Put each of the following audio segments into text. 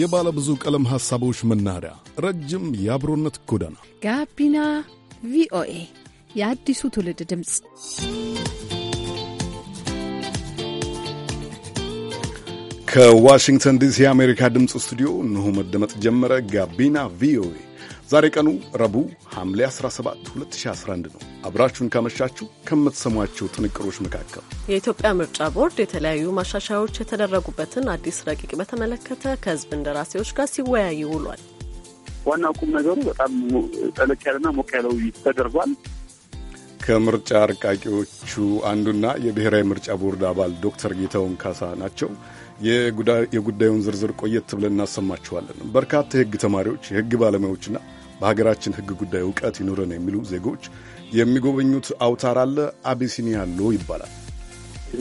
የባለ ብዙ ቀለም ሐሳቦች መናኸሪያ፣ ረጅም የአብሮነት ጎዳና፣ ጋቢና ቪኦኤ የአዲሱ ትውልድ ድምፅ። ከዋሽንግተን ዲሲ የአሜሪካ ድምፅ ስቱዲዮ እንሆ መደመጥ ጀመረ። ጋቢና ቪኦኤ ዛሬ ቀኑ ረቡዕ ሐምሌ 17 2011 ነው። አብራችሁን ካመሻችሁ ከምትሰሟቸው ጥንቅሮች መካከል የኢትዮጵያ ምርጫ ቦርድ የተለያዩ ማሻሻያዎች የተደረጉበትን አዲስ ረቂቅ በተመለከተ ከህዝብ እንደራሴዎች ጋር ሲወያይ ውሏል። ዋና ቁም ነገሩ በጣም ጠለቅ ያለና ሞቅ ያለ ውይይት ተደርጓል። ከምርጫ አርቃቂዎቹ አንዱና የብሔራዊ ምርጫ ቦርድ አባል ዶክተር ጌታውን ካሳ ናቸው። የጉዳዩን ዝርዝር ቆየት ብለን እናሰማችኋለን። በርካታ የህግ ተማሪዎች፣ የህግ ባለሙያዎችና በሀገራችን ህግ ጉዳይ እውቀት ይኑረን የሚሉ ዜጎች የሚጎበኙት አውታር አለ። አቢሲኒያሎ ይባላል።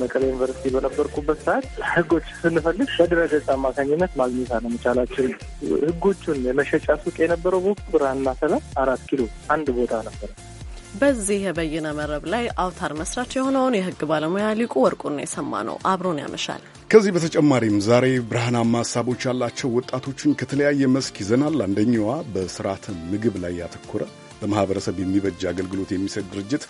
መቀሌ ዩኒቨርሲቲ በነበርኩበት ሰዓት ህጎች ስንፈልግ በድረገጽ አማካኝነት ማግኘት አለመቻላችን፣ ህጎቹን የመሸጫ ሱቅ የነበረው ብርሃንና ሰላም አራት ኪሎ አንድ ቦታ ነበረ። በዚህ የበይነ መረብ ላይ አውታር መስራች የሆነውን የህግ ባለሙያ ሊቁ ወርቁን የሰማ ነው። አብሮን ያመሻል። ከዚህ በተጨማሪም ዛሬ ብርሃናማ ሀሳቦች ያላቸው ወጣቶችን ከተለያየ መስክ ይዘናል። አንደኛዋ በስርዓተ ምግብ ላይ ያተኮረ ለማህበረሰብ የሚበጅ አገልግሎት የሚሰጥ ድርጅት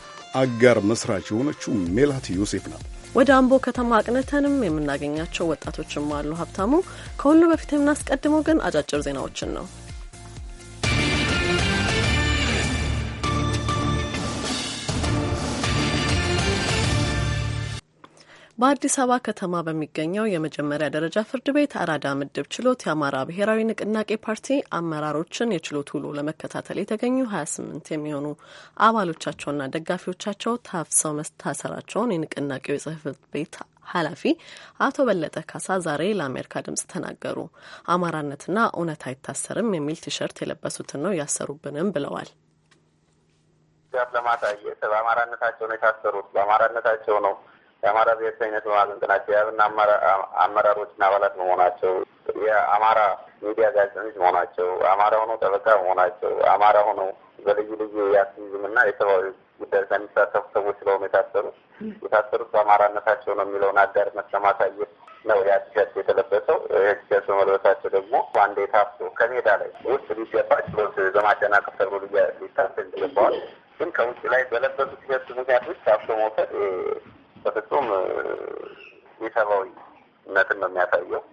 አጋር መስራች የሆነችው ሜላት ዮሴፍ ናት። ወደ አምቦ ከተማ አቅንተንም የምናገኛቸው ወጣቶችም አሉ። ሀብታሙ፣ ከሁሉ በፊት የምናስቀድመው ግን አጫጭር ዜናዎችን ነው። በአዲስ አበባ ከተማ በሚገኘው የመጀመሪያ ደረጃ ፍርድ ቤት አራዳ ምድብ ችሎት የአማራ ብሔራዊ ንቅናቄ ፓርቲ አመራሮችን የችሎት ውሎ ለመከታተል የተገኙ 28 የሚሆኑ አባሎቻቸውና ደጋፊዎቻቸው ታፍሰው መታሰራቸውን የንቅናቄው የጽህፈት ቤት ኃላፊ አቶ በለጠ ካሳ ዛሬ ለአሜሪካ ድምጽ ተናገሩ። አማራነትና እውነት አይታሰርም የሚል ቲሸርት የለበሱትን ነው ያሰሩብንም ብለዋል። ለማሳየት በአማራነታቸው ነው የታሰሩት። በአማራነታቸው ነው የአማራ ብሔርተኝነት በማዘንጥናቸው የያዝና አመራሮችና አባላት መሆናቸው የአማራ ሚዲያ ጋዜጠኞች መሆናቸው አማራ ሆነው ጠበቃ መሆናቸው አማራ ሆነው በልዩ ልዩ የአክቲቪዝምና የሰብአዊ ጉዳይ ከሚሳተፉ ሰዎች ስለሆኑ የታሰሩ የታሰሩት በአማራነታቸው ነው የሚለውን አዳርነት ለማሳየት ነው የአዲሻት የተለበሰው። ቲሸርት በመልበሳቸው ደግሞ አንድ የታፍቶ ከሜዳ ላይ ውስጥ ሊገባ ችሎት በማደናቀፍ ተብሎ ሊታሰር ይገባዋል። ግን ከውጭ ላይ በለበሱት ቲሸርት ምክንያቶች ውስጥ ታፍቶ መውሰድ በፍጹም የሰብአዊነትን ነው የሚያሳየው።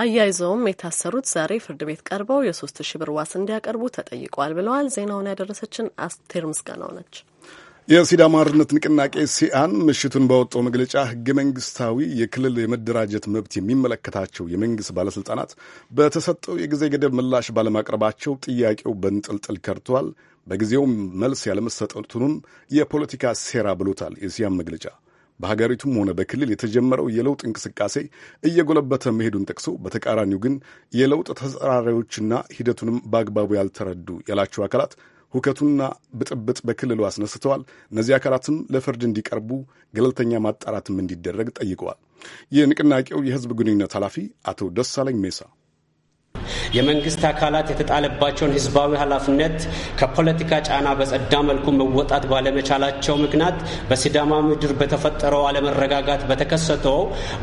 አያይዘውም የታሰሩት ዛሬ ፍርድ ቤት ቀርበው የሶስት ሺ ብር ዋስ እንዲያቀርቡ ተጠይቀዋል ብለዋል። ዜናውን ያደረሰችን አስቴር ምስጋናው ነች። የሲዳማ አርነት ንቅናቄ ሲአን ምሽቱን ባወጣው መግለጫ ህገ መንግስታዊ የክልል የመደራጀት መብት የሚመለከታቸው የመንግስት ባለስልጣናት በተሰጠው የጊዜ ገደብ ምላሽ ባለማቅረባቸው ጥያቄው በንጥልጥል ከርቷል። በጊዜውም መልስ ያለመሰጠቱንም የፖለቲካ ሴራ ብሎታል። የሲያም መግለጫ በሀገሪቱም ሆነ በክልል የተጀመረው የለውጥ እንቅስቃሴ እየጎለበተ መሄዱን ጠቅሶ በተቃራኒው ግን የለውጥ ተጻራሪዎችና ሂደቱንም በአግባቡ ያልተረዱ ያላቸው አካላት ሁከቱና ብጥብጥ በክልሉ አስነስተዋል። እነዚህ አካላትም ለፍርድ እንዲቀርቡ ገለልተኛ ማጣራትም እንዲደረግ ጠይቀዋል። የንቅናቄው የህዝብ ግንኙነት ኃላፊ አቶ ደሳለኝ ሜሳ የመንግስት አካላት የተጣለባቸውን ህዝባዊ ኃላፊነት ከፖለቲካ ጫና በጸዳ መልኩ መወጣት ባለመቻላቸው ምክንያት በሲዳማ ምድር በተፈጠረው አለመረጋጋት በተከሰተው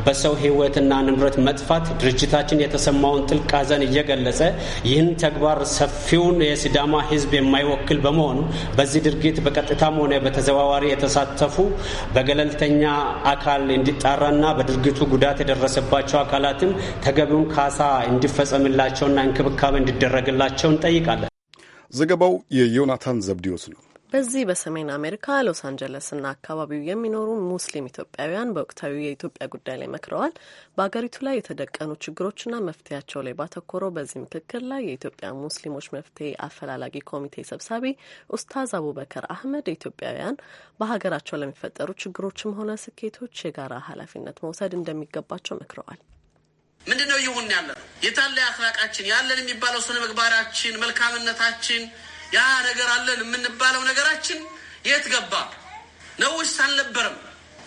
በሰው ህይወትና ንብረት መጥፋት ድርጅታችን የተሰማውን ጥልቅ ሀዘን እየገለጸ ይህን ተግባር ሰፊውን የሲዳማ ህዝብ የማይወክል በመሆኑ በዚህ ድርጊት በቀጥታም ሆነ በተዘዋዋሪ የተሳተፉ በገለልተኛ አካል እንዲጣራና በድርጊቱ ጉዳት የደረሰባቸው አካላትም ተገቢውን ካሳ እንዲፈጸምላቸውና ክትትልና እንክብካቤ እንዲደረግላቸው እንጠይቃለን። ዘገባው የዮናታን ዘብዲዮስ ነው። በዚህ በሰሜን አሜሪካ ሎስ አንጀለስና አካባቢው የሚኖሩ ሙስሊም ኢትዮጵያውያን በወቅታዊ የኢትዮጵያ ጉዳይ ላይ መክረዋል። በሀገሪቱ ላይ የተደቀኑ ችግሮችና መፍትሄያቸው ላይ ባተኮረው በዚህ ምክክር ላይ የኢትዮጵያ ሙስሊሞች መፍትሄ አፈላላጊ ኮሚቴ ሰብሳቢ ኡስታዝ አቡበከር አህመድ ኢትዮጵያውያን በሀገራቸው ለሚፈጠሩ ችግሮችም ሆነ ስኬቶች የጋራ ኃላፊነት መውሰድ እንደሚገባቸው መክረዋል። ምንድን ነው ይሁን ያለ ነው? የታለ አክላቃችን ያለን የሚባለው ስነ ምግባራችን፣ መልካምነታችን ያ ነገር አለን የምንባለው ነገራችን የት ገባ ነው አልነበረም።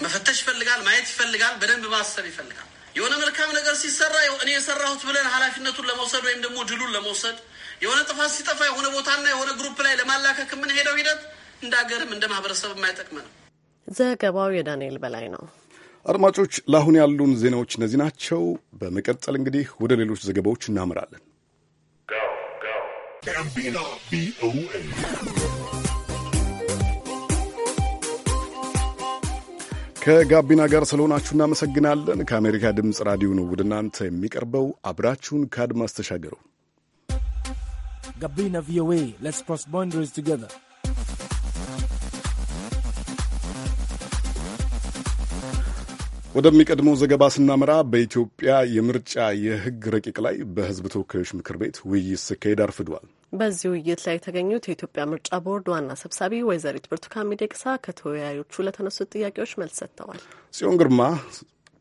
መፈተሽ ይፈልጋል፣ ማየት ይፈልጋል፣ በደንብ ማሰብ ይፈልጋል። የሆነ መልካም ነገር ሲሰራ እኔ የሰራሁት ብለን ኃላፊነቱን ለመውሰድ ወይም ደግሞ ድሉን ለመውሰድ የሆነ ጥፋት ሲጠፋ የሆነ ቦታና የሆነ ግሩፕ ላይ ለማላከክ የምንሄደው ሂደት እንደ ሀገርም እንደ ማህበረሰብ የማይጠቅም ነው። ዘገባው የዳንኤል በላይ ነው። አድማጮች፣ ለአሁን ያሉን ዜናዎች እነዚህ ናቸው። በመቀጠል እንግዲህ ወደ ሌሎች ዘገባዎች እናምራለን። ከጋቢና ጋር ስለሆናችሁ እናመሰግናለን። ከአሜሪካ ድምፅ ራዲዮ ነው ወደ እናንተ የሚቀርበው። አብራችሁን ከአድማስ ተሻገሩ። ጋቢና ቪኦኤ ሌትስ ክሮስ ባውንደሪስ ቱጌዘር ወደሚቀድመው ዘገባ ስናመራ በኢትዮጵያ የምርጫ የሕግ ረቂቅ ላይ በሕዝብ ተወካዮች ምክር ቤት ውይይት ሲካሄድ አርፍዷል። በዚህ ውይይት ላይ የተገኙት የኢትዮጵያ ምርጫ ቦርድ ዋና ሰብሳቢ ወይዘሪት ብርቱካን ሚደቅሳ ከተወያዮቹ ለተነሱት ጥያቄዎች መልስ ሰጥተዋል። ጽዮን ግርማ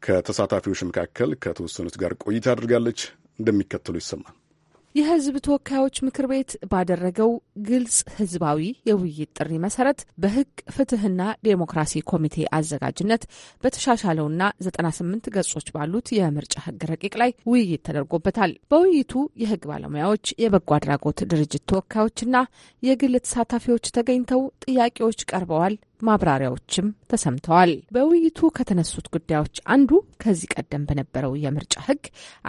ከተሳታፊዎች መካከል ከተወሰኑት ጋር ቆይታ አድርጋለች። እንደሚከተሉ ይሰማል። የህዝብ ተወካዮች ምክር ቤት ባደረገው ግልጽ ሕዝባዊ የውይይት ጥሪ መሰረት በሕግ ፍትህና ዴሞክራሲ ኮሚቴ አዘጋጅነት በተሻሻለውና 98 ገጾች ባሉት የምርጫ ሕግ ረቂቅ ላይ ውይይት ተደርጎበታል። በውይይቱ የሕግ ባለሙያዎች፣ የበጎ አድራጎት ድርጅት ተወካዮችና የግል ተሳታፊዎች ተገኝተው ጥያቄዎች ቀርበዋል፣ ማብራሪያዎችም ተሰምተዋል። በውይይቱ ከተነሱት ጉዳዮች አንዱ ከዚህ ቀደም በነበረው የምርጫ ሕግ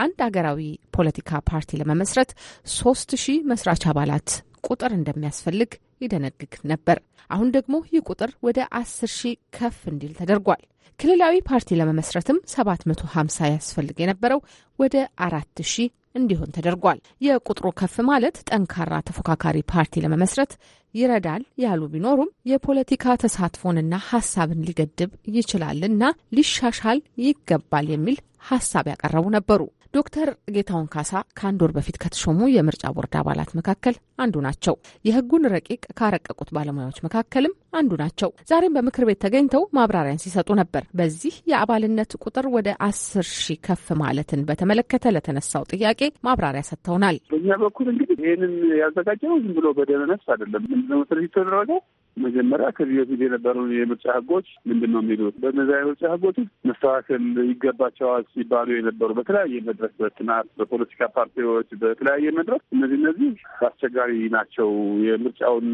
አንድ አገራዊ ፖለቲካ ፓርቲ ለመመስረት ሶስት ሺህ መስራች አባላት ቁጥር እንደሚያስፈልግ ይደነግግ ነበር። አሁን ደግሞ ይህ ቁጥር ወደ አስር ሺህ ከፍ እንዲል ተደርጓል። ክልላዊ ፓርቲ ለመመስረትም 750 ያስፈልግ የነበረው ወደ አራት ሺህ እንዲሆን ተደርጓል። የቁጥሩ ከፍ ማለት ጠንካራ ተፎካካሪ ፓርቲ ለመመስረት ይረዳል ያሉ ቢኖሩም የፖለቲካ ተሳትፎንና ሀሳብን ሊገድብ ይችላልና ሊሻሻል ይገባል የሚል ሀሳብ ያቀረቡ ነበሩ። ዶክተር ጌታውን ካሳ ከአንድ ወር በፊት ከተሾሙ የምርጫ ቦርድ አባላት መካከል አንዱ ናቸው። የህጉን ረቂቅ ካረቀቁት ባለሙያዎች መካከልም አንዱ ናቸው። ዛሬም በምክር ቤት ተገኝተው ማብራሪያን ሲሰጡ ነበር። በዚህ የአባልነት ቁጥር ወደ አስር ሺህ ከፍ ማለትን በተመለከተ ለተነሳው ጥያቄ ማብራሪያ ሰጥተውናል። በእኛ በኩል እንግዲህ ይህንን ያዘጋጀው ዝም ብሎ በደመነፍስ አይደለም። ምንድነው መሰረት የተደረገው መጀመሪያ ከዚህ በፊት የነበረውን የምርጫ ህጎች ምንድን ነው የሚሉት? በእነዚያ የምርጫ ህጎች ውስጥ መስተካከል ይገባቸዋል ሲባሉ የነበሩ በተለያየ መድረክ፣ በትናት በፖለቲካ ፓርቲዎች በተለያየ መድረክ እነዚህ እነዚህ አስቸጋሪ ናቸው፣ የምርጫውን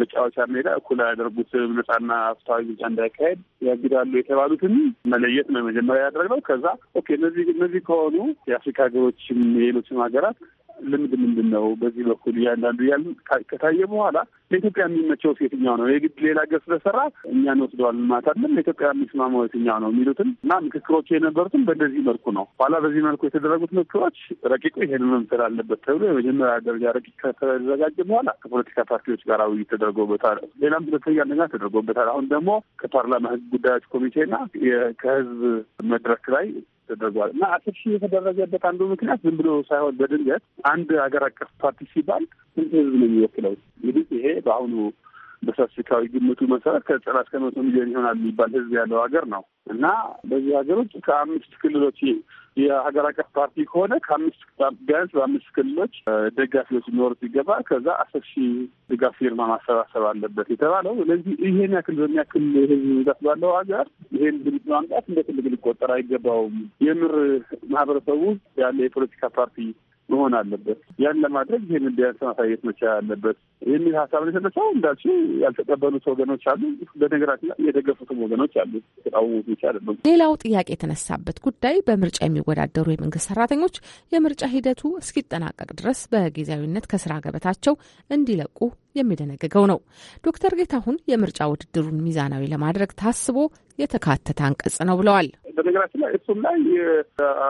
መጫወቻ ሜዳ እኩል አያደርጉትም፣ ነጻና ፍትሐዊ ምርጫ እንዳይካሄድ ያግዳሉ የተባሉትን መለየት ነው መጀመሪያ ያደረግነው። ከዛ ኦኬ እነዚህ እነዚህ ከሆኑ የአፍሪካ ሀገሮችም የሌሎችም ሀገራት ልምድ ምንድን ነው በዚህ በኩል እያንዳንዱ እያልን ከታየ በኋላ ለኢትዮጵያ የሚመቸው የትኛው ነው የግድ ሌላ ገር ስለሰራ እኛን ወስደዋል ማታለን ለኢትዮጵያ የሚስማማው የትኛው ነው የሚሉትን እና ምክክሮቹ የነበሩትን በእንደዚህ መልኩ ነው። ኋላ በዚህ መልኩ የተደረጉት ምክክሮች ረቂቁ ይሄን መምሰል አለበት ተብሎ የመጀመሪያ ደረጃ ረቂቅ ከተዘጋጀ በኋላ ከፖለቲካ ፓርቲዎች ጋር ውይይት ተደርጎበታል። ሌላም ሁለተኛ ነገር ተደርጎበታል። አሁን ደግሞ ከፓርላማ ህዝብ ጉዳዮች ኮሚቴና ከህዝብ መድረክ ላይ ተደርጓል እና ሺህ የተደረገበት አንዱ ምክንያት ዝም ብሎ ሳይሆን በድንገት አንድ ሀገር አቀፍ ፓርቲ ሲባል ስንት ህዝብ ነው የሚወክለው? እንግዲህ ይሄ በአሁኑ በስታትስቲካዊ ግምቱ መሰረት ከዘጠና እስከ መቶ ሚሊዮን ይሆናል የሚባል ህዝብ ያለው ሀገር ነው እና በዚህ ሀገር ውስጥ ከአምስት ክልሎች የሀገር አቀፍ ፓርቲ ከሆነ ከአምስት ቢያንስ በአምስት ክልሎች ደጋፊዎች ሊኖሩት ይገባ። ከዛ አስር ሺ ድጋፍ ፊርማ ማሰባሰብ አለበት የተባለው። ስለዚህ ይሄን ያክል በሚያክል ህዝብ ብዛት ባለው ሀገር ይሄን ድምፅ ማምጣት እንደ ትልቅ ሊቆጠር አይገባውም። የምር ማህበረሰቡ ያለ የፖለቲካ ፓርቲ መሆን አለበት። ያን ለማድረግ ይህን ቢያንስ ማሳየት መቻል አለበት የሚል ሀሳብ ነው የተነሳው። እንዳልሽ ያልተቀበሉት ወገኖች አሉ። በነገራችን ላይ የደገፉትም ወገኖች አሉ። የተቃወሙት ብቻ አይደለም። ሌላው ጥያቄ የተነሳበት ጉዳይ በምርጫ የሚወዳደሩ የመንግስት ሰራተኞች የምርጫ ሂደቱ እስኪጠናቀቅ ድረስ በጊዜያዊነት ከስራ ገበታቸው እንዲለቁ የሚደነግገው ነው። ዶክተር ጌታሁን የምርጫ ውድድሩን ሚዛናዊ ለማድረግ ታስቦ የተካተተ አንቀጽ ነው ብለዋል። በነገራችን ላይ እሱም ላይ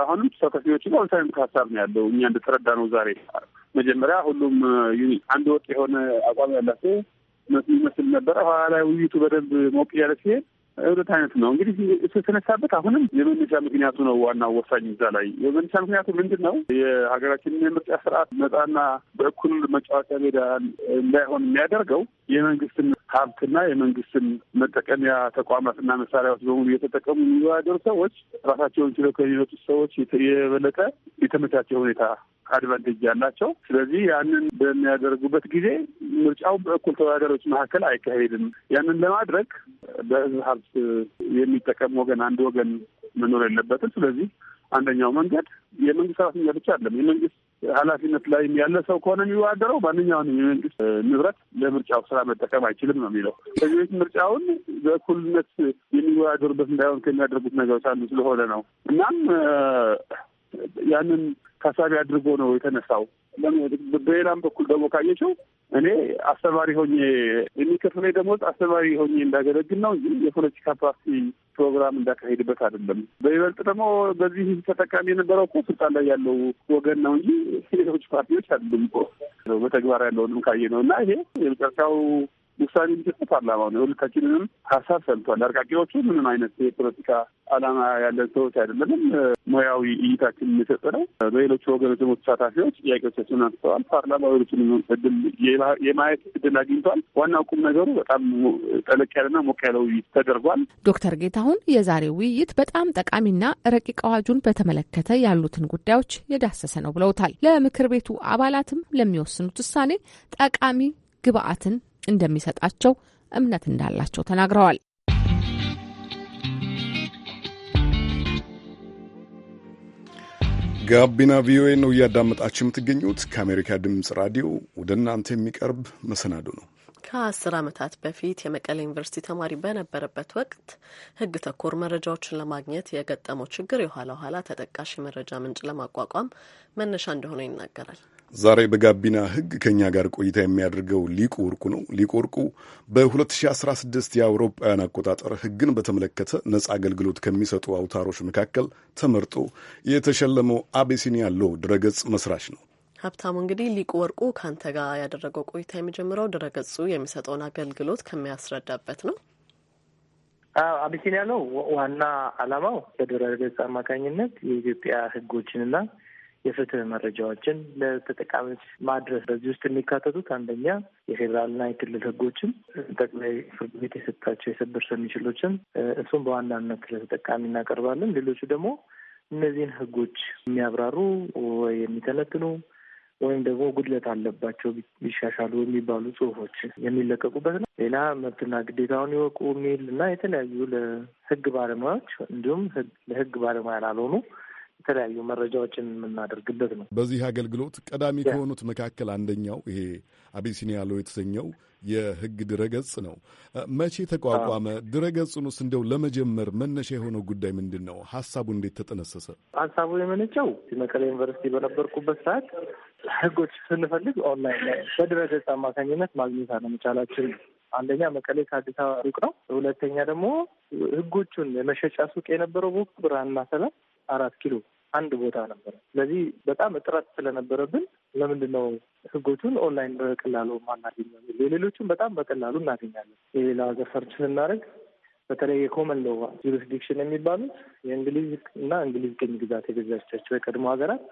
አሁንም ተሳታፊዎች አዎንታዊ ሀሳብ ነው ያለው። እኛ እንደተረዳ ነው ዛሬ መጀመሪያ ሁሉም ዩኒ አንድ ወጥ የሆነ አቋም ያላቸው ይመስል ነበረ። ኋላ ላይ ውይይቱ በደንብ ሞቅ እያለ ሲሄድ እብደት አይነት ነው። እንግዲህ እሱ የተነሳበት አሁንም የመነሻ ምክንያቱ ነው። ዋና ወሳኝ እዛ ላይ የመነሻ ምክንያቱ ምንድን ነው? የሀገራችንን የምርጫ ስርዓት ነጻና በእኩል መጫወቻ ሜዳ እንዳይሆን የሚያደርገው የመንግስትን ሀብትና የመንግስትን መጠቀሚያ ተቋማትና መሳሪያዎች በሙሉ እየተጠቀሙ የሚወዳደሩ ሰዎች ራሳቸውን ችለው ከሚመጡት ሰዎች የበለጠ የተመቻቸ ሁኔታ አድቫንቴጅ ያላቸው። ስለዚህ ያንን በሚያደርጉበት ጊዜ ምርጫው በእኩል ተወዳዳሪዎች መካከል አይካሄድም። ያንን ለማድረግ በህዝብ ሀብት የሚጠቀም ወገን አንድ ወገን መኖር የለበትም። ስለዚህ አንደኛው መንገድ የመንግስት ሰራተኛ ብቻ አለም የመንግስት ኃላፊነት ላይ ያለ ሰው ከሆነ የሚወዳደረው ማንኛውንም የመንግስት ንብረት ለምርጫው ስራ መጠቀም አይችልም ነው የሚለው። ከዚህ ምርጫውን በእኩልነት የሚወዳደሩበት እንዳይሆን ከሚያደርጉት ነገሮች አንዱ ስለሆነ ነው። እናም ያንን ታሳቢ አድርጎ ነው የተነሳው። በሌላም በኩል ደግሞ ካየችው እኔ አስተማሪ ሆኜ የሚከፍለኝ ደሞዝ አስተማሪ ሆኜ እንዳገለግል ነው እንጂ የፖለቲካ ፓርቲ ፕሮግራም እንዳካሄድበት አይደለም። በይበልጥ ደግሞ በዚህ ተጠቃሚ የነበረው እኮ ስልጣን ላይ ያለው ወገን ነው እንጂ ሌሎች ፓርቲዎች አይደሉም እኮ በተግባር ያለውንም ካየ ነው እና ይሄ የመጨረሻው ውሳኔ የሚሰጠው ፓርላማው ነው። የሁላችንንም ሀሳብ ሰምቷል። አርቃቂዎቹ ምንም አይነት የፖለቲካ ዓላማ ያለን ሰዎች አይደለንም። ሙያዊ እይታችን የሚሰጥ ነው። በሌሎቹ ወገኖች ደግሞ ተሳታፊዎች ጥያቄዎቻችን አንስተዋል። ፓርላማ ሌሎችን እድል የማየት እድል አግኝቷል። ዋናው ቁም ነገሩ በጣም ጠለቅ ያለና ሞቅ ያለ ውይይት ተደርጓል። ዶክተር ጌታሁን የዛሬው ውይይት በጣም ጠቃሚና ረቂቅ አዋጁን በተመለከተ ያሉትን ጉዳዮች የዳሰሰ ነው ብለውታል። ለምክር ቤቱ አባላትም ለሚወስኑት ውሳኔ ጠቃሚ ግብአትን እንደሚሰጣቸው እምነት እንዳላቸው ተናግረዋል። ጋቢና ቪኦኤ ነው እያዳመጣችሁ የምትገኙት። ከአሜሪካ ድምፅ ራዲዮ ወደ እናንተ የሚቀርብ መሰናዶ ነው። ከአስር ዓመታት በፊት የመቀሌ ዩኒቨርሲቲ ተማሪ በነበረበት ወቅት ሕግ ተኮር መረጃዎችን ለማግኘት የገጠመው ችግር የኋላ ኋላ ተጠቃሽ የመረጃ ምንጭ ለማቋቋም መነሻ እንደሆነ ይናገራል። ዛሬ በጋቢና ሕግ ከኛ ጋር ቆይታ የሚያደርገው ሊቁ ወርቁ ነው። ሊቁ ወርቁ በ2016 የአውሮፓውያን አቆጣጠር ሕግን በተመለከተ ነጻ አገልግሎት ከሚሰጡ አውታሮች መካከል ተመርጦ የተሸለመው አቤሲኒያ ሎ ድረገጽ መስራች ነው። ሀብታሙ፣ እንግዲህ ሊቁ ወርቁ ከአንተ ጋር ያደረገው ቆይታ የሚጀምረው ድረገጹ የሚሰጠውን አገልግሎት ከሚያስረዳበት ነው። አቢሲኒያ ነው ዋና ዓላማው። በድረገጽ አማካኝነት የኢትዮጵያ ሕጎችንና የፍትህ መረጃዎችን ለተጠቃሚዎች ማድረስ። በዚህ ውስጥ የሚካተቱት አንደኛ የፌዴራልና የክልል ሕጎችን፣ ጠቅላይ ፍርድ ቤት የሰጣቸው የሰበር ሰሚ ችሎችን፣ እሱም በዋናነት ለተጠቃሚ እናቀርባለን። ሌሎቹ ደግሞ እነዚህን ሕጎች የሚያብራሩ ወይ የሚተነትኑ ወይም ደግሞ ጉድለት አለባቸው ቢሻሻሉ የሚባሉ ጽሁፎች የሚለቀቁበት ነው። ሌላ መብትና ግዴታውን ይወቁ የሚል እና የተለያዩ ለህግ ባለሙያዎች እንዲሁም ለህግ ባለሙያ ላልሆኑ የተለያዩ መረጃዎችን የምናደርግበት ነው። በዚህ አገልግሎት ቀዳሚ ከሆኑት መካከል አንደኛው ይሄ አቢሲኒያ ሎ የተሰኘው የህግ ድረገጽ ነው። መቼ ተቋቋመ? ድረገጹን ውስጥ እንደው ለመጀመር መነሻ የሆነው ጉዳይ ምንድን ነው? ሀሳቡ እንዴት ተጠነሰሰ? ሀሳቡ የመነጨው መቀሌ ዩኒቨርሲቲ በነበርኩበት ሰዓት ህጎች ስንፈልግ ኦንላይን ላይ በድረገጽ አማካኝነት ማግኘት አለመቻላችን አንደኛ መቀሌ ከአዲስ አበባ ሩቅ ነው። ሁለተኛ ደግሞ ህጎቹን የመሸጫ ሱቅ የነበረው ቦታ ብርሃንና ሰላም አራት ኪሎ አንድ ቦታ ነበረ። ስለዚህ በጣም እጥረት ስለነበረብን ለምንድን ነው ህጎቹን ኦንላይን በቀላሉ ማናገኝ? የሌሎቹን በጣም በቀላሉ እናገኛለን። የሌላ ሀገር ሰርች ስናደርግ በተለይ የኮመን ሎ ጁሪስዲክሽን የሚባሉት የእንግሊዝ እና እንግሊዝ ቅኝ ግዛት የገዛቻቸው የቀድሞ ሀገራት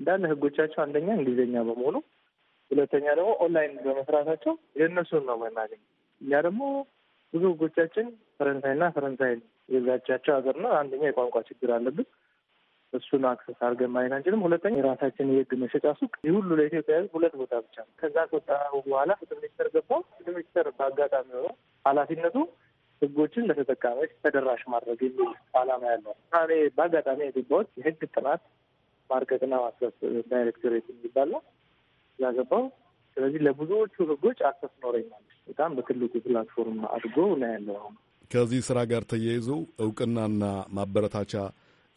እንዳለ ህጎቻቸው አንደኛ እንግሊዝኛ በመሆኑ፣ ሁለተኛ ደግሞ ኦንላይን በመስራታቸው የእነሱን ነው መናገኝ። እኛ ደግሞ ብዙ ህጎቻችን ፈረንሳይና ፈረንሳይ የዛቻቸው ሀገር ነው። አንደኛ የቋንቋ ችግር አለብን። እሱን አክሰስ አድርገን ማየት አንችልም። ሁለተኛ የራሳችን የህግ መሸጫ ሱቅ ይህ ሁሉ ለኢትዮጵያ ህዝብ ሁለት ቦታ ብቻ ነው። ከዛ ከወጣ በኋላ ፍትህ ሚኒስተር ገባ። ፍትህ ሚኒስተር በአጋጣሚ ሆኖ ኃላፊነቱ ህጎችን ለተጠቃሚዎች ተደራሽ ማድረግ የሚል አላማ ያለው እኔ በአጋጣሚ የገባሁት የህግ ጥናት ማርቀቅና ማስረፍ ዳይሬክቶሬት የሚባል ነው ያገባው። ስለዚህ ለብዙዎቹ ህጎች አክሰስ ኖረኝ በጣም በትልቁ ፕላትፎርም አድጎ ነው ያለው። አሁን ከዚህ ስራ ጋር ተያይዞ እውቅናና ማበረታቻ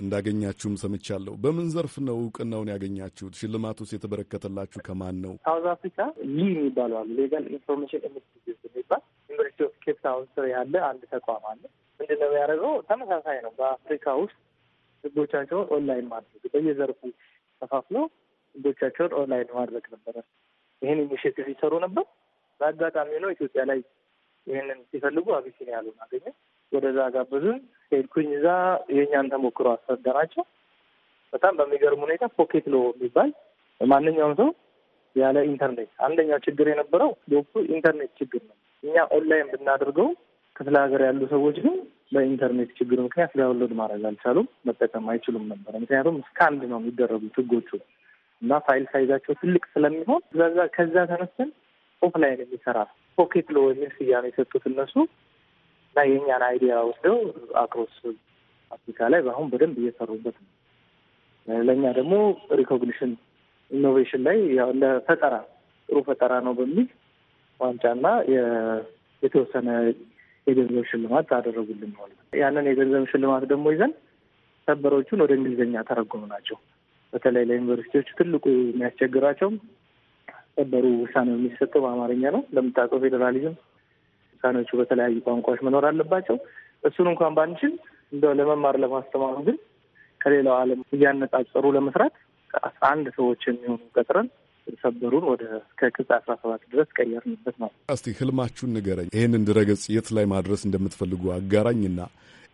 እንዳገኛችሁም ሰምቻለሁ። በምን ዘርፍ ነው እውቅናውን ያገኛችሁት? ሽልማት ውስጥ የተበረከተላችሁ ከማን ነው? ሳውዝ አፍሪካ ሊ የሚባለዋል ሌጋል ኢንፎርሜሽን ኢንስቲትዩት የሚባል ዩኒቨርሲቲ ኦፍ ኬፕታውን ስር ያለ አንድ ተቋም አለ። ምንድነው ያደረገው? ተመሳሳይ ነው። በአፍሪካ ውስጥ ህጎቻቸውን ኦንላይን ማድረግ በየዘርፉ ተፋፍለው ህጎቻቸውን ኦንላይን ማድረግ ነበረ። ይህን ኢኒሽቲቭ ይሰሩ ነበር። በአጋጣሚ ነው ኢትዮጵያ ላይ ይህንን ሲፈልጉ አቢሲን ያሉ አገኘ። ወደዛ ጋበዙን። ሄድኩኝ። እዛ የእኛን ተሞክሮ አስረዳናቸው። በጣም በሚገርም ሁኔታ ፖኬት ሎ የሚባል ማንኛውም ሰው ያለ ኢንተርኔት አንደኛው ችግር የነበረው በወቅቱ ኢንተርኔት ችግር ነው። እኛ ኦንላይን ብናደርገው ክፍለ ሀገር ያሉ ሰዎች ግን በኢንተርኔት ችግር ምክንያት ዳውንሎድ ማድረግ አልቻሉም፣ መጠቀም አይችሉም ነበረ። ምክንያቱም ስካንድ ነው የሚደረጉት ህጎቹ እና ፋይል ሳይዛቸው ትልቅ ስለሚሆን ከዛ ከዛ ተነስተን ኦፍላይን የሚሰራ ፖኬት ሎ የሚል ስያሜ የሰጡት እነሱ እና የእኛን አይዲያ ወስደው አክሮስ አፍሪካ ላይ በአሁን በደንብ እየሰሩበት ነው። ለእኛ ደግሞ ሪኮግኒሽን ኢኖቬሽን ላይ እንደ ፈጠራ ጥሩ ፈጠራ ነው በሚል ዋንጫና የተወሰነ የገንዘብ ሽልማት አደረጉልን ነው። ያንን የገንዘብ ሽልማት ደግሞ ይዘን ሰበሮቹን ወደ እንግሊዝኛ ተረጎሙ ናቸው። በተለይ ለዩኒቨርሲቲዎች ትልቁ የሚያስቸግራቸው ሰበሩ ውሳኔው የሚሰጠው በአማርኛ ነው። ለምታውቀው ፌዴራሊዝም ውሳኔዎቹ በተለያዩ ቋንቋዎች መኖር አለባቸው። እሱን እንኳን ባንችል እንደ ለመማር ለማስተማሩ ግን ከሌላው ዓለም እያነጻጸሩ ለመስራት አንድ ሰዎች የሚሆኑ ቀጥረን ሰበሩን ወደ እስከ ከቅጽ አስራ ሰባት ድረስ ቀየርንበት ነው። እስቲ ህልማችሁን ንገረኝ። ይህንን ድረገጽ የት ላይ ማድረስ እንደምትፈልጉ አጋራኝና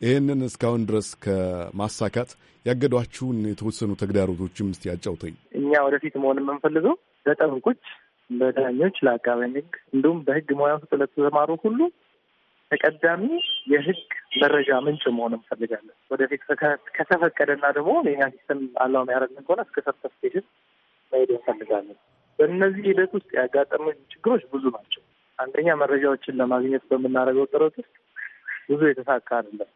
ይህንን እስካሁን ድረስ ከማሳካት ያገዷችሁን የተወሰኑ ተግዳሮቶችም እስቲ ያጫውተኝ። እኛ ወደፊት መሆን የምንፈልገው ለጠበቆች፣ ለዳኞች፣ ለአቃቤ ህግ እንዲሁም በህግ ሙያ ውስጥ ለተሰማሩ ሁሉ ተቀዳሚ የህግ መረጃ ምንጭ መሆን እንፈልጋለን። ወደፊት ከተፈቀደና ደግሞ የኛ ሲስተም አላውም ያደረግን ከሆነ እስከ ሰርተፍኬሽን መሄድ እንፈልጋለን። በእነዚህ ሂደት ውስጥ ያጋጠሙ ችግሮች ብዙ ናቸው። አንደኛ መረጃዎችን ለማግኘት በምናደርገው ጥረት ውስጥ ብዙ የተሳካ አይደለም።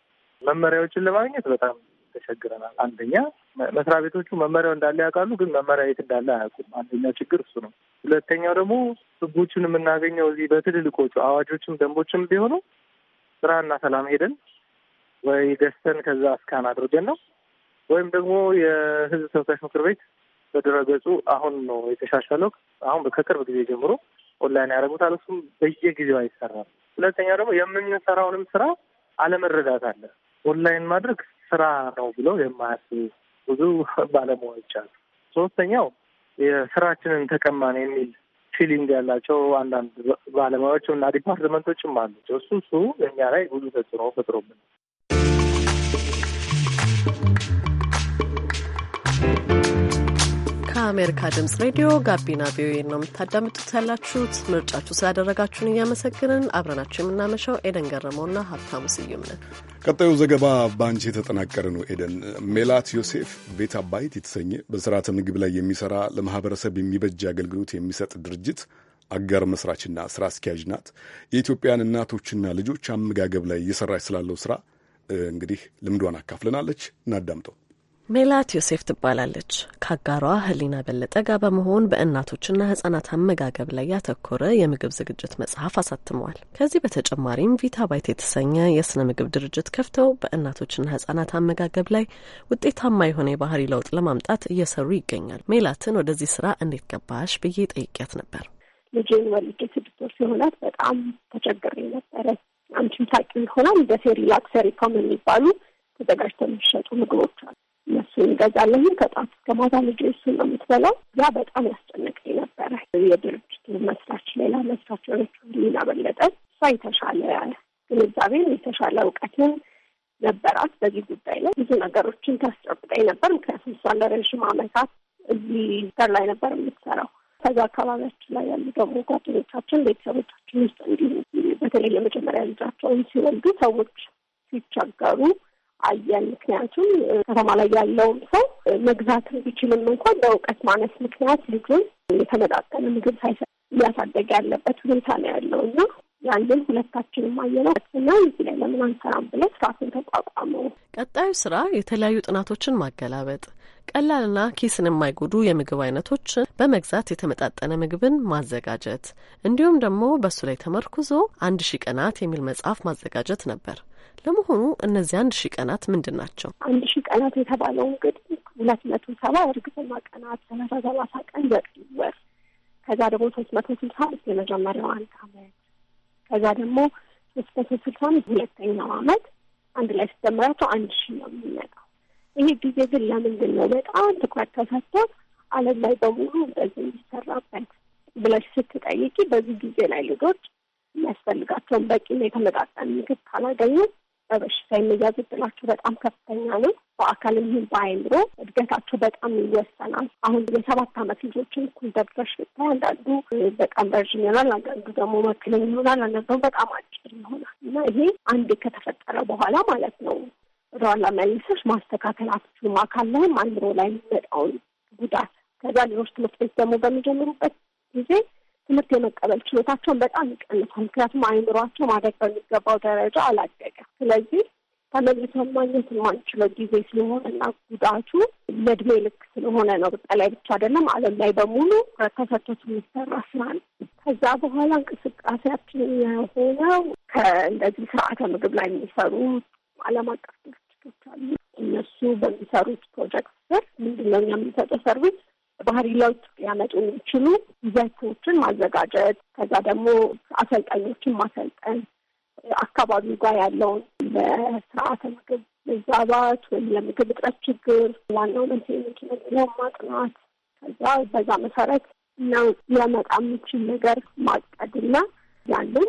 መመሪያዎችን ለማግኘት በጣም ተቸግረናል። አንደኛ መስሪያ ቤቶቹ መመሪያው እንዳለ ያውቃሉ፣ ግን መመሪያ የት እንዳለ አያውቁም። አንደኛ ችግር እሱ ነው። ሁለተኛው ደግሞ ህጎችን የምናገኘው እዚህ በትልልቆቹ አዋጆችም ደንቦችም ቢሆኑ ስራና ሰላም ሄደን ወይ ገዝተን ከዛ እስካን አድርገን ነው ወይም ደግሞ የህዝብ ተወካዮች ምክር ቤት በድረገጹ አሁን ነው የተሻሻለው። አሁን ከቅርብ ጊዜ ጀምሮ ኦንላይን ያደረጉታል። እሱም በየጊዜው አይሰራም። ሁለተኛ ደግሞ የምንሰራውንም ስራ አለመረዳት አለ። ኦንላይን ማድረግ ስራ ነው ብለው የማያስቡ ብዙ ባለሙያዎች አሉ። ሶስተኛው የስራችንን ተቀማን የሚል ፊሊንግ ያላቸው አንዳንድ ባለሙያዎች እና ዲፓርትመንቶችም አሉ። እሱ እሱ እኛ ላይ ብዙ ተጽዕኖ ፈጥሮብናል። ከአሜሪካ ድምፅ ሬዲዮ ጋቢና ቪኦኤ ነው የምታዳምጡት ያላችሁት። ምርጫችሁ ስላደረጋችሁን እያመሰግንን አብረናችሁ የምናመሻው ኤደን ገረመውና ሀብታሙ ስዩም ነን። ቀጣዩ ዘገባ በአንቺ የተጠናቀረ ነው። ኤደን ሜላት ዮሴፍ ቤት አባይት የተሰኘ በስርዓተ ምግብ ላይ የሚሰራ ለማህበረሰብ የሚበጅ አገልግሎት የሚሰጥ ድርጅት አጋር መስራችና ስራ አስኪያጅ ናት። የኢትዮጵያን እናቶችና ልጆች አመጋገብ ላይ እየሰራች ስላለው ስራ እንግዲህ ልምዷን አካፍለናለች። እናዳምጠው። ሜላት ዮሴፍ ትባላለች። ከአጋሯ ህሊና በለጠ ጋር በመሆን በእናቶችና ህጻናት አመጋገብ ላይ ያተኮረ የምግብ ዝግጅት መጽሐፍ አሳትመዋል። ከዚህ በተጨማሪም ቪታ ባይት የተሰኘ የስነ ምግብ ድርጅት ከፍተው በእናቶችና ህጻናት አመጋገብ ላይ ውጤታማ የሆነ የባህሪ ለውጥ ለማምጣት እየሰሩ ይገኛል። ሜላትን ወደዚህ ስራ እንዴት ገባሽ ብዬ ጠይቄያት ነበር። ልጄን ወልጄ ስድስት ወር ሲሆናት በጣም ተቸግሬ ነበረ። አንቺም ታውቂ ይሆናል በሴሪላክ የሚባሉ ተዘጋጅተው የሚሸጡ ምግቦች አሉ እነሱ እንገዛለሁ። ከጧት እስከ ማታ ልጅ እሱ ነው የምትበላው። ያ በጣም ያስጨነቀኝ ነበረ። የድርጅቱ መስራች ሌላ መስራች ሆነች ሊና በለጠ፣ እሷ የተሻለ ግንዛቤን የተሻለ እውቀትን ነበራት በዚህ ጉዳይ ላይ ብዙ ነገሮችን ታስጨብጠኝ ነበር። ምክንያቱም እሷን ለረዥም አመታት እዚህ ተር ላይ ነበር የምትሰራው። ከዛ አካባቢያችን ላይ ያሉ ደግሞ ጓደኞቻችን፣ ቤተሰቦቻችን ውስጥ እንዲሁ በተለይ ለመጀመሪያ ልጃቸውን ሲወልዱ ሰዎች ሲቸገሩ አየን። ምክንያቱም ከተማ ላይ ያለውን ሰው መግዛት ቢችልም እንኳን በእውቀት ማነስ ምክንያት ልጁን የተመጣጠነ ምግብ ሳይሰ እያሳደገ ያለበት ሁኔታ ነው ያለው እና ያንን ሁለታችንም አየነው እና እዚህ ላይ ለምን አንሰራም ብለን ስራትን ተቋቋመው። ቀጣዩ ስራ የተለያዩ ጥናቶችን ማገላበጥ ቀላልና ኪስን የማይጎዱ የምግብ አይነቶችን በመግዛት የተመጣጠነ ምግብን ማዘጋጀት እንዲሁም ደግሞ በእሱ ላይ ተመርኩዞ አንድ ሺ ቀናት የሚል መጽሐፍ ማዘጋጀት ነበር። ለመሆኑ እነዚህ አንድ ሺ ቀናት ምንድን ናቸው? አንድ ሺ ቀናት የተባለው እንግዲህ ሁለት መቶ ሰባ የእርግዝና ቀናት፣ ሰላሳ ሰላሳ ቀን ዘጠኝ ወር፣ ከዛ ደግሞ ሶስት መቶ ስልሳ አምስት የመጀመሪያው አንድ አመት፣ ከዛ ደግሞ ሶስት መቶ ስልሳ አምስት ሁለተኛው አመት አንድ ላይ ስትደምራቸው አንድ ሺ ነው የሚመጣው። ይሄ ጊዜ ግን ለምንድን ነው በጣም ትኩረት ተሰጥቶ ዓለም ላይ በሙሉ በዚህ እንዲሰራበት ብለሽ ስትጠይቂ በዚህ ጊዜ ላይ ልጆች የሚያስፈልጋቸውን በቂና የተመጣጠን ምግብ ካላገኙ በበሽታ የመያዝ ዕድላቸው በጣም ከፍተኛ ነው። በአካልም ይሁን በአይምሮ እድገታቸው በጣም ይወሰናል። አሁን የሰባት ዓመት ልጆችን እኩል ደብረሽ ብታይ አንዳንዱ በጣም ረዥም ይሆናል፣ አንዳንዱ ደግሞ መክለኝ ይሆናል፣ አንዳንዱ በጣም አጭር ይሆናል እና ይሄ አንዴ ከተፈጠረ በኋላ ማለት ነው ወደኋላ መልሰሽ ማስተካከል አትችሉም። አካል ላይም አእምሮ ላይ የሚመጣውን ጉዳት ከዛ ልጆች ትምህርት ቤት ደግሞ በሚጀምሩበት ጊዜ ትምህርት የመቀበል ችሎታቸውን በጣም ይቀንሳል። ምክንያቱም አይምሯቸው ማደግ በሚገባው ደረጃ አላደገም። ስለዚህ ተመልሰን ማግኘት የማንችለው ጊዜ ስለሆነ ስለሆነና ጉዳቱ ለእድሜ ልክ ስለሆነ ነው። በጠላይ ብቻ አይደለም፣ ዓለም ላይ በሙሉ ተሰቶት የሚሰራ ስራ ነው። ከዛ በኋላ እንቅስቃሴያችን የሆነው ከእንደዚህ ስርዓተ ምግብ ላይ የሚሰሩ ዓለም አቀፍ ፕሮጀክቶች አሉ። እነሱ በሚሰሩት ፕሮጀክት ስር ምንድን ነው እኛ ሰርቪስ ባህሪ ለውጥ ሊያመጡ የሚችሉ ይዘቶችን ማዘጋጀት፣ ከዛ ደግሞ አሰልጣኞችን ማሰልጠን፣ አካባቢው ጋር ያለውን ለስርዓተ ምግብ መዛባት ወይም ለምግብ እጥረት ችግር ዋናው መንስኤ ምንድነው ማጥናት፣ ከዛ በዛ መሰረት እና ሊያመጣ የሚችል ነገር ማቀድና ያንን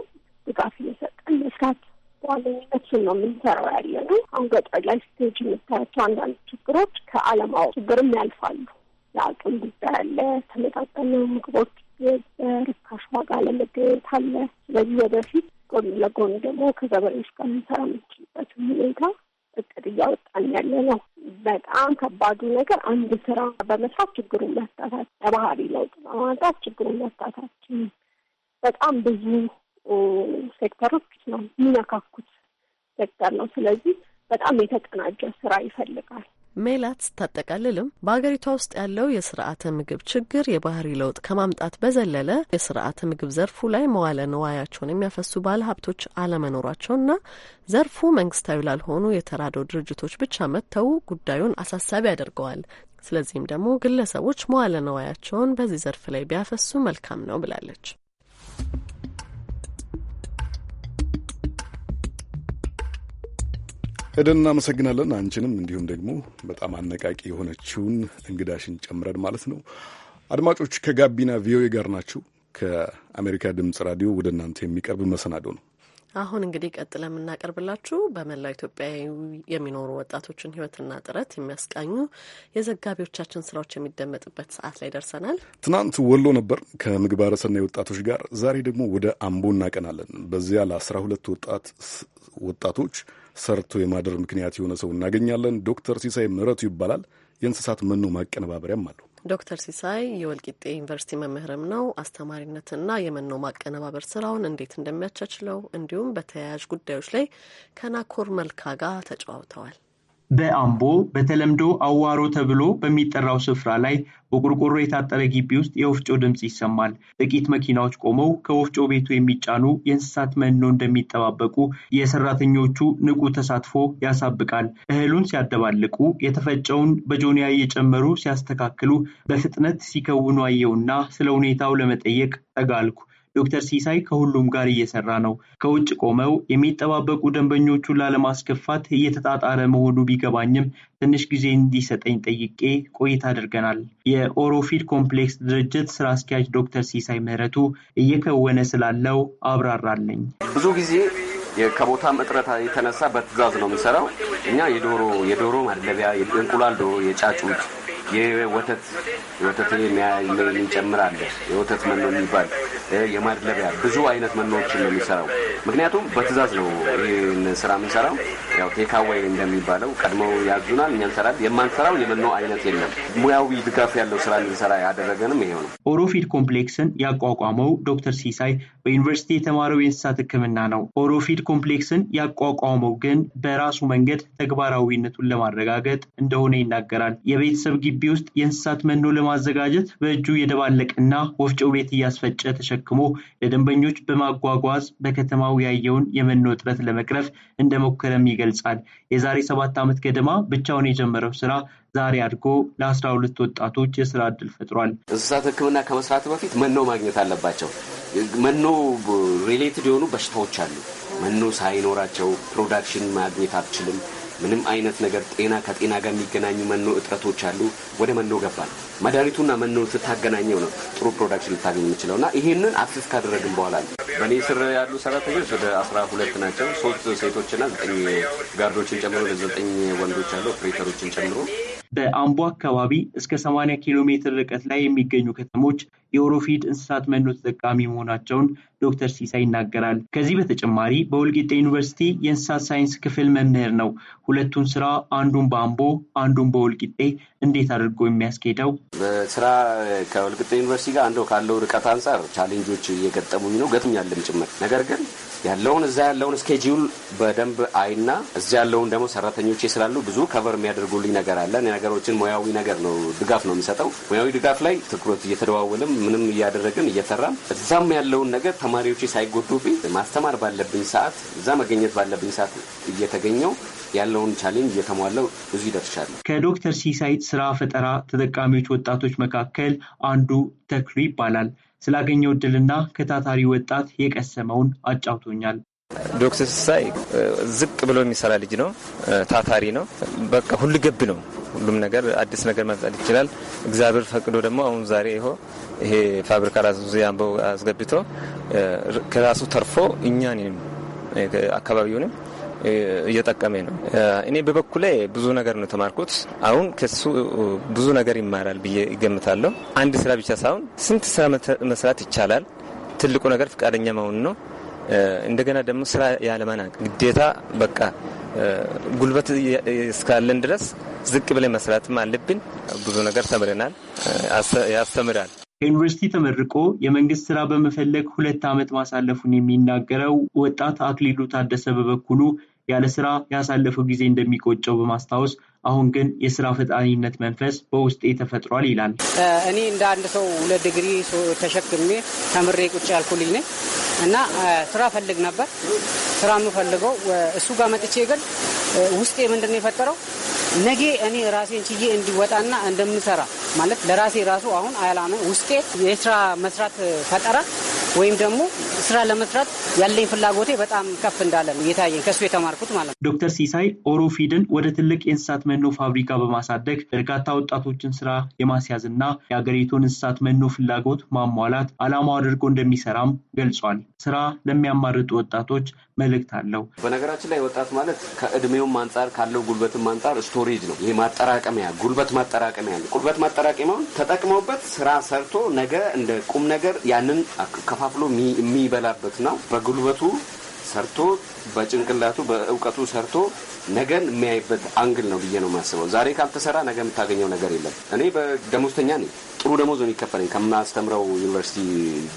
ድጋፍ እየሰጠን መስራት ዋነኝነት ነው የምንሰራው ያለ ነው። አሁን ገጠር ላይ ስቴጅ የምታያቸው አንዳንድ ችግሮች ከአለማወቅ ችግርም ያልፋሉ። የአቅም ጉዳይ አለ። ተመጣጠነ ምግቦች በርካሽ ዋጋ ለመገኘት አለ። ስለዚህ ወደፊት ጎን ለጎን ደግሞ ከገበሬዎች ጋር ልንሰራ የምንችልበት ሁኔታ እቅድ እያወጣን ያለ ነው። በጣም ከባዱ ነገር አንድ ስራ በመስራት ችግሩን መፍታታት፣ ለባህሪ ለውጥ በማምጣት ችግሩን መፍታታችን በጣም ብዙ ውስጥ ነው የሚነካኩት ሴክተር ነው። ስለዚህ በጣም የተቀናጀ ስራ ይፈልጋል። ሜላት ስታጠቃልልም በሀገሪቷ ውስጥ ያለው የስርዓተ ምግብ ችግር የባህሪ ለውጥ ከማምጣት በዘለለ የስርዓተ ምግብ ዘርፉ ላይ መዋለ ንዋያቸውን የሚያፈሱ ባለሀብቶች አለመኖሯቸውና ዘርፉ መንግስታዊ ላልሆኑ የተራዶ ድርጅቶች ብቻ መጥተው ጉዳዩን አሳሳቢ ያደርገዋል። ስለዚህም ደግሞ ግለሰቦች መዋለ ንዋያቸውን በዚህ ዘርፍ ላይ ቢያፈሱ መልካም ነው ብላለች። እደን እናመሰግናለን። አንቺንም እንዲሁም ደግሞ በጣም አነቃቂ የሆነችውን እንግዳሽን ጨምረን ማለት ነው። አድማጮች ከጋቢና ቪኦኤ ጋር ናችሁ። ከአሜሪካ ድምጽ ራዲዮ ወደ እናንተ የሚቀርብ መሰናዶ ነው። አሁን እንግዲህ ቀጥለ የምናቀርብላችሁ በመላው ኢትዮጵያ የሚኖሩ ወጣቶችን ሕይወትና ጥረት የሚያስቃኙ የዘጋቢዎቻችን ስራዎች የሚደመጥበት ሰዓት ላይ ደርሰናል። ትናንት ወሎ ነበር ከምግባረ ሰናይ ወጣቶች ጋር። ዛሬ ደግሞ ወደ አምቦ እናቀናለን። በዚያ ለአስራ ሁለት ወጣት ወጣቶች ሰርቶ የማደር ምክንያት የሆነ ሰው እናገኛለን። ዶክተር ሲሳይ ምረቱ ይባላል። የእንስሳት መኖ ማቀነባበሪያም አሉ። ዶክተር ሲሳይ የወልቂጤ ዩኒቨርሲቲ መምህርም ነው። አስተማሪነትና የመኖ ማቀነባበር ስራውን እንዴት እንደሚያቻችለው እንዲሁም በተያያዥ ጉዳዮች ላይ ከናኮር መልካ ጋር ተጨዋውተዋል። በአምቦ በተለምዶ አዋሮ ተብሎ በሚጠራው ስፍራ ላይ በቆርቆሮ የታጠረ ግቢ ውስጥ የወፍጮ ድምፅ ይሰማል። ጥቂት መኪናዎች ቆመው ከወፍጮ ቤቱ የሚጫኑ የእንስሳት መኖ እንደሚጠባበቁ የሰራተኞቹ ንቁ ተሳትፎ ያሳብቃል። እህሉን ሲያደባልቁ፣ የተፈጨውን በጆንያ እየጨመሩ ሲያስተካክሉ፣ በፍጥነት ሲከውኑ አየውና ስለ ሁኔታው ለመጠየቅ ጠጋልኩ። ዶክተር ሲሳይ ከሁሉም ጋር እየሰራ ነው። ከውጭ ቆመው የሚጠባበቁ ደንበኞቹን ላለማስከፋት እየተጣጣረ መሆኑ ቢገባኝም ትንሽ ጊዜ እንዲሰጠኝ ጠይቄ ቆይታ አድርገናል። የኦሮፊድ ኮምፕሌክስ ድርጅት ስራ አስኪያጅ ዶክተር ሲሳይ ምህረቱ እየከወነ ስላለው አብራራለኝ። ብዙ ጊዜ ከቦታም እጥረት የተነሳ በትዛዝ ነው የምንሰራው እኛ የዶሮ የዶሮ ማለቢያ የእንቁላል ዶሮ፣ የጫጩት፣ የወተት ወተት የሚጨምር አለ የወተት መኖ የሚባል የማድለቢያ ብዙ አይነት መኖዎችን ነው የሚሰራው። ምክንያቱም በትእዛዝ ነው ይህን ስራ የምንሰራው። ያው ቴካዋይ እንደሚባለው ቀድመው ያዙናል፣ እኛ እንሰራለን። የማንሰራው የመኖ አይነት የለም። ሙያዊ ድጋፍ ያለው ስራ እንድንሰራ ያደረገንም ይሄው ነው። ኦሮፊድ ኮምፕሌክስን ያቋቋመው ዶክተር ሲሳይ በዩኒቨርሲቲ የተማረው የእንስሳት ሕክምና ነው። ኦሮፊድ ኮምፕሌክስን ያቋቋመው ግን በራሱ መንገድ ተግባራዊነቱን ለማረጋገጥ እንደሆነ ይናገራል። የቤተሰብ ግቢ ውስጥ የእንስሳት መኖ ለማዘጋጀት በእጁ የደባለቅና ወፍጮ ቤት እያስፈጨ ተሸ ተሸክሞ ለደንበኞች በማጓጓዝ በከተማው ያየውን የመኖ እጥረት ለመቅረፍ እንደሞከረም ይገልጻል። የዛሬ ሰባት ዓመት ገደማ ብቻውን የጀመረው ስራ ዛሬ አድጎ ለአስራ ሁለት ወጣቶች የስራ እድል ፈጥሯል። እንስሳት ሕክምና ከመስራት በፊት መኖ ማግኘት አለባቸው። መኖ ሪሌትድ የሆኑ በሽታዎች አሉ። መኖ ሳይኖራቸው ፕሮዳክሽን ማግኘት አትችልም። ምንም አይነት ነገር ጤና ከጤና ጋር የሚገናኙ መኖ እጥረቶች አሉ። ወደ መኖ ገባል። መድኃኒቱና መኖ ስታገናኘው ነው ጥሩ ፕሮዳክሽን ልታገኝ የምችለው እና ይሄንን አክሴስ ካደረግን በኋላ በእኔ ስር ያሉ ሰራተኞች ወደ አስራ ሁለት ናቸው። ሶስት ሴቶችና ዘጠኝ ጋርዶችን ጨምሮ ዘጠኝ ወንዶች አሉ ኦፕሬተሮችን ጨምሮ በአምቦ አካባቢ እስከ 80 ኪሎ ሜትር ርቀት ላይ የሚገኙ ከተሞች የኦሮፊድ እንስሳት መኖ ተጠቃሚ መሆናቸውን ዶክተር ሲሳይ ይናገራል። ከዚህ በተጨማሪ በወልቂጤ ዩኒቨርሲቲ የእንስሳት ሳይንስ ክፍል መምህር ነው። ሁለቱን ስራ አንዱን በአምቦ አንዱን በወልቂጤ እንዴት አድርጎ የሚያስኬደው ስራ ከወልቂጤ ዩኒቨርሲቲ ጋር አንዱ ካለው ርቀት አንጻር ቻሌንጆች እየገጠሙኝ ነው ገጥሞኛልም ጭምር ነገር ግን ያለውን እዛ ያለውን ስኬጁል በደንብ አይና እዚ ያለውን ደግሞ ሰራተኞች ስላሉ ብዙ ከቨር የሚያደርጉልኝ ነገር አለ ነገሮችን ሙያዊ ነገር ነው ድጋፍ ነው የሚሰጠው። ሙያዊ ድጋፍ ላይ ትኩረት እየተደዋወልም ምንም እያደረግን እየሰራም እዛም ያለውን ነገር ተማሪዎች ሳይጎዱብኝ ማስተማር ባለብኝ ሰዓት እዛ መገኘት ባለብኝ ሰዓት እየተገኘው ያለውን ቻሌንጅ እየተሟለው እዚህ ይደርሻለሁ። ከዶክተር ሲሳይ ስራ ፈጠራ ተጠቃሚዎች ወጣቶች መካከል አንዱ ተክሉ ይባላል። ስላገኘው እድልና ከታታሪ ወጣት የቀሰመውን አጫውቶኛል። ዶክተር ሲሳይ ዝቅ ብሎ የሚሰራ ልጅ ነው። ታታሪ ነው። በቃ ሁሉ ገብ ነው። ሁሉም ነገር አዲስ ነገር መፍጠር ይችላል። እግዚአብሔር ፈቅዶ ደግሞ አሁን ዛሬ ይሆ ይሄ ፋብሪካ ራሱ ያንበ አስገብቶ ከራሱ ተርፎ እኛንም አካባቢውንም እየጠቀመ ነው። እኔ በበኩሌ ብዙ ነገር ነው የተማርኩት። አሁን ከሱ ብዙ ነገር ይማራል ብዬ ይገምታለሁ። አንድ ስራ ብቻ ሳይሆን ስንት ስራ መስራት ይቻላል። ትልቁ ነገር ፈቃደኛ መሆን ነው። እንደገና ደግሞ ስራ ያለመናቅ ግዴታ በቃ ጉልበት እስካለን ድረስ ዝቅ ብለን መስራትም አለብን። ብዙ ነገር ተምረናል፣ ያስተምራል። ከዩኒቨርሲቲ ተመርቆ የመንግስት ስራ በመፈለግ ሁለት ዓመት ማሳለፉን የሚናገረው ወጣት አክሊሉ ታደሰ በበኩሉ ያለ ስራ ያሳለፈው ጊዜ እንደሚቆጨው በማስታወስ አሁን ግን የስራ ፈጣኒነት መንፈስ በውስጤ ተፈጥሯል ይላል። እኔ እንደ አንድ ሰው ሁለት ዲግሪ ተሸክሜ ተምሬ ቁጭ ያልኩልኝ ነኝ እና ስራ ፈልግ ነበር። ስራ የምፈልገው እሱ ጋር መጥቼ ግን ውስጤ ምንድን ነው የፈጠረው ነጌ እኔ ራሴን ችዬ እንዲወጣና እንደምሰራ ማለት ለራሴ ራሱ አሁን አያላምን ውስጤ የስራ መስራት ፈጠራ ወይም ደግሞ ስራ ለመስራት ያለኝ ፍላጎቴ በጣም ከፍ እንዳለ ነው እየታየኝ ከሱ የተማርኩት ማለት ነው። ዶክተር ሲሳይ ኦሮፊድን ወደ ትልቅ የእንስሳት መኖ ፋብሪካ በማሳደግ በርካታ ወጣቶችን ስራ የማስያዝ እና የሀገሪቱን እንስሳት መኖ ፍላጎት ማሟላት አላማው አድርጎ እንደሚሰራም ገልጿል። ስራ ለሚያማርጡ ወጣቶች መልእክት አለው። በነገራችን ላይ ወጣት ማለት ከእድሜውም አንጻር ካለው ጉልበትም አንጻር ስቶሬጅ ነው። ይሄ ማጠራቀሚያ ጉልበት ማጠራቀሚያ ነው። ጉልበት ማጠራቀሚያውን ተጠቅመውበት ስራ ሰርቶ ነገ እንደ ቁም ነገር ያንን ከፋፍሎ የሚበላበት ነው። በጉልበቱ ሰርቶ በጭንቅላቱ በእውቀቱ ሰርቶ ነገን የሚያይበት አንግል ነው ብዬ ነው የማስበው። ዛሬ ካልተሰራ ነገ የምታገኘው ነገር የለም። እኔ በደሞዝተኛ ነኝ። ጥሩ ደሞዝ ነው ይከፈለኝ፣ ከማስተምረው ዩኒቨርሲቲ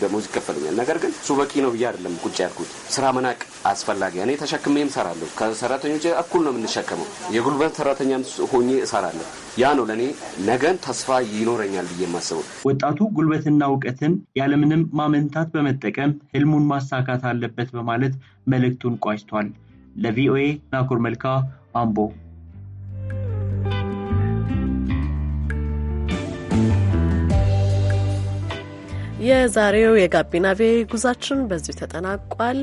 ደሞዝ ይከፈለኛል። ነገር ግን እሱ በቂ ነው ብዬ አይደለም ቁጭ ያልኩት። ስራ መናቅ አስፈላጊ እኔ ተሸክሜም እሰራለሁ። ከሰራተኞች እኩል ነው የምንሸከመው። የጉልበት ሰራተኛም ሆኜ እሰራለሁ። ያ ነው ለእኔ ነገን ተስፋ ይኖረኛል ብዬ የማስበው። ወጣቱ ጉልበትና እውቀትን ያለምንም ማመንታት በመጠቀም ህልሙን ማሳካት አለበት በማለት መልእክቱን ቋ አዘጋጅቷል። ለቪኦኤ ናኩር መልካ አምቦ የዛሬው የጋቢና ቪ ጉዛችን በዚሁ ተጠናቋል።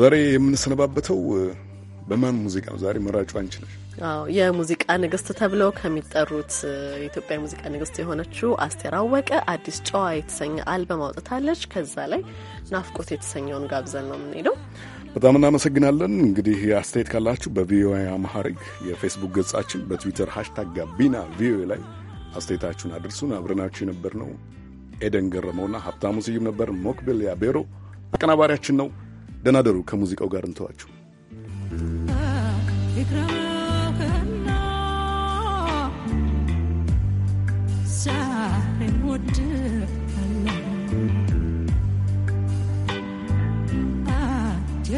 ዛሬ የምንሰነባበተው በማን ሙዚቃ ነው? ዛሬ መራጩ አንቺ ነሽ። አዎ የሙዚቃ ንግስት ተብለው ከሚጠሩት የኢትዮጵያ የሙዚቃ ንግስት የሆነችው አስቴር አወቀ አዲስ ጨዋ የተሰኘ አልበም አውጥታለች። ከዛ ላይ ናፍቆት የተሰኘውን ጋብዘን ነው የምንሄደው። በጣም እናመሰግናለን። እንግዲህ አስተያየት ካላችሁ በቪኦኤ አማሐሪክ የፌስቡክ ገጻችን፣ በትዊተር ሃሽታግ ጋቢና ቪኦኤ ላይ አስተያየታችሁን አድርሱን። አብረናችሁ የነበር ነው ኤደን ገረመውና ሀብታሙ ስዩም ነበር። ሞክቤል ያቤሮ አቀናባሪያችን ነው። ደናደሩ ከሙዚቃው ጋር እንተዋችሁ። ዛሬ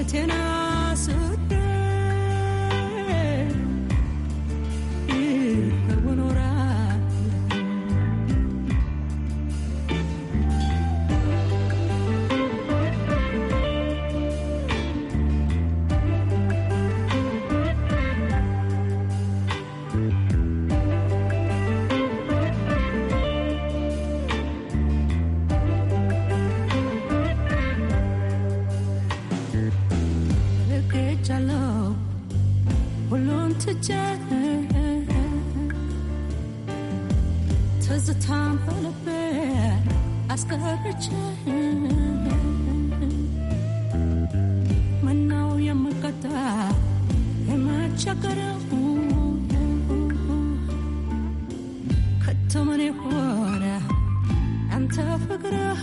tenacity. ትዝታም በልቤ አስገብቼ ምነው የምቀጣ የምቸገረው ከቶ ምን ሆነ አንተ ፍቅርህ